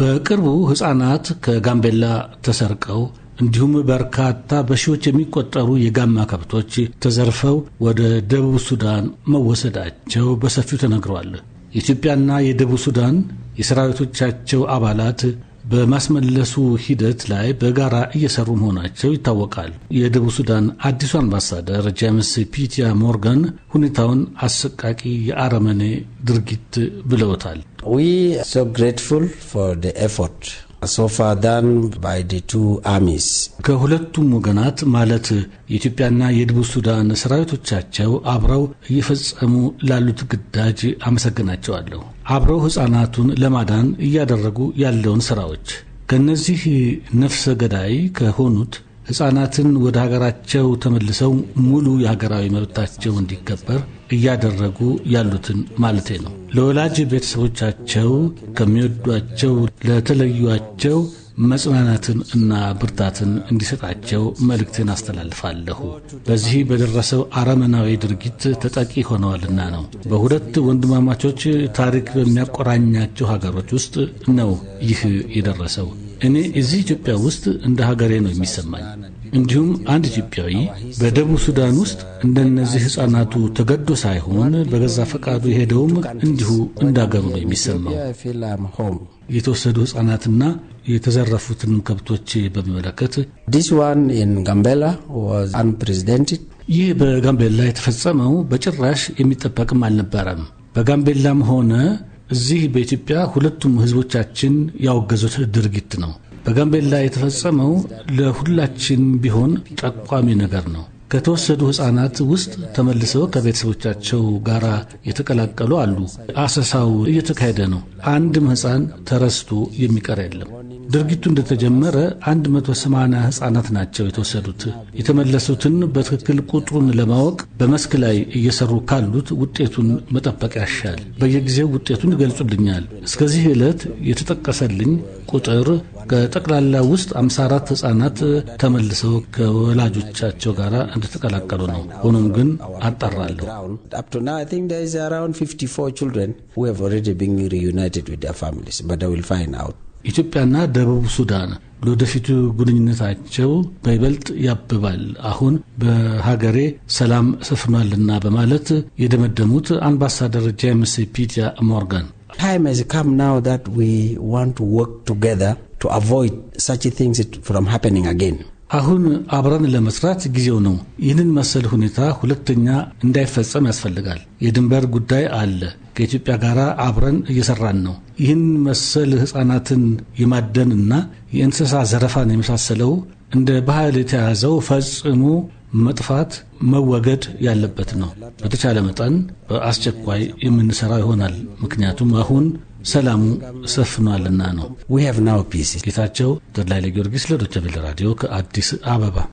በቅርቡ ሕፃናት ከጋምቤላ ተሰርቀው እንዲሁም በርካታ በሺዎች የሚቆጠሩ የጋማ ከብቶች ተዘርፈው ወደ ደቡብ ሱዳን መወሰዳቸው በሰፊው ተነግሯል። የኢትዮጵያና የደቡብ ሱዳን የሰራዊቶቻቸው አባላት በማስመለሱ ሂደት ላይ በጋራ እየሰሩ መሆናቸው ይታወቃል። የደቡብ ሱዳን አዲሱ አምባሳደር ጄምስ ፒቲያ ሞርጋን ሁኔታውን አሰቃቂ የአረመኔ ድርጊት ብለውታል። We are so grateful for the effort. ከሁለቱም ወገናት ማለት የኢትዮጵያና የደቡብ ሱዳን ሰራዊቶቻቸው አብረው እየፈጸሙ ላሉት ግዳጅ አመሰግናቸዋለሁ። አብረው ሕፃናቱን ለማዳን እያደረጉ ያለውን ስራዎች ከእነዚህ ነፍሰ ገዳይ ከሆኑት ሕፃናትን ወደ ሀገራቸው ተመልሰው ሙሉ የሀገራዊ መብታቸው እንዲከበር እያደረጉ ያሉትን ማለቴ ነው። ለወላጅ ቤተሰቦቻቸው ከሚወዷቸው ለተለዩቸው መጽናናትን እና ብርታትን እንዲሰጣቸው መልእክትን አስተላልፋለሁ። በዚህ በደረሰው አረመናዊ ድርጊት ተጠቂ ሆነዋልና ነው። በሁለት ወንድማማቾች ታሪክ በሚያቆራኛቸው ሀገሮች ውስጥ ነው ይህ የደረሰው። እኔ እዚህ ኢትዮጵያ ውስጥ እንደ ሀገሬ ነው የሚሰማኝ። እንዲሁም አንድ ኢትዮጵያዊ በደቡብ ሱዳን ውስጥ እንደነዚህ ሕፃናቱ ተገዶ ሳይሆን በገዛ ፈቃዱ የሄደውም እንዲሁ እንደ ሀገሩ ነው የሚሰማው። የተወሰዱ ሕፃናትና የተዘረፉትንም ከብቶች በመመለከት ይህ በጋምቤላ የተፈጸመው በጭራሽ የሚጠበቅም አልነበረም። በጋምቤላም ሆነ እዚህ በኢትዮጵያ ሁለቱም ህዝቦቻችን ያወገዙት ድርጊት ነው። በጋምቤላ የተፈጸመው ለሁላችን ቢሆን ጠቋሚ ነገር ነው። ከተወሰዱ ህጻናት ውስጥ ተመልሰው ከቤተሰቦቻቸው ጋር የተቀላቀሉ አሉ። አሰሳው እየተካሄደ ነው። አንድም ህፃን ተረስቶ የሚቀር የለም። ድርጊቱ እንደተጀመረ 180 ህጻናት ናቸው የተወሰዱት። የተመለሱትን በትክክል ቁጥሩን ለማወቅ በመስክ ላይ እየሰሩ ካሉት ውጤቱን መጠበቅ ያሻል። በየጊዜው ውጤቱን ይገልጹልኛል። እስከዚህ ዕለት የተጠቀሰልኝ ቁጥር ከጠቅላላ ውስጥ 54 ህጻናት ተመልሰው ከወላጆቻቸው ጋር እንደተቀላቀሉ ነው። ሆኖም ግን አጣራለሁ። ኢትዮጵያና ደቡብ ሱዳን ለወደፊቱ ግንኙነታቸው በይበልጥ ያብባል፣ አሁን በሀገሬ ሰላም ሰፍኗልና በማለት የደመደሙት አምባሳደር ጄምስ ፒቲያ ሞርጋን ታይም has come now that we want አሁን አብረን ለመስራት ጊዜው ነው። ይህንን መሰል ሁኔታ ሁለተኛ እንዳይፈጸም ያስፈልጋል። የድንበር ጉዳይ አለ። ከኢትዮጵያ ጋር አብረን እየሰራን ነው። ይህን መሰል ህጻናትን የማደንና የእንስሳ ዘረፋን የመሳሰለው እንደ ባህል የተያዘው ፈጽሞ መጥፋት መወገድ ያለበት ነው። በተቻለ መጠን በአስቸኳይ የምንሰራው ይሆናል። ምክንያቱም አሁን ሰላሙ ሰፍኗልና ነው። ጌታቸው ተድላይ ለጊዮርጊስ ለዶቸቤል ራዲዮ ከአዲስ አበባ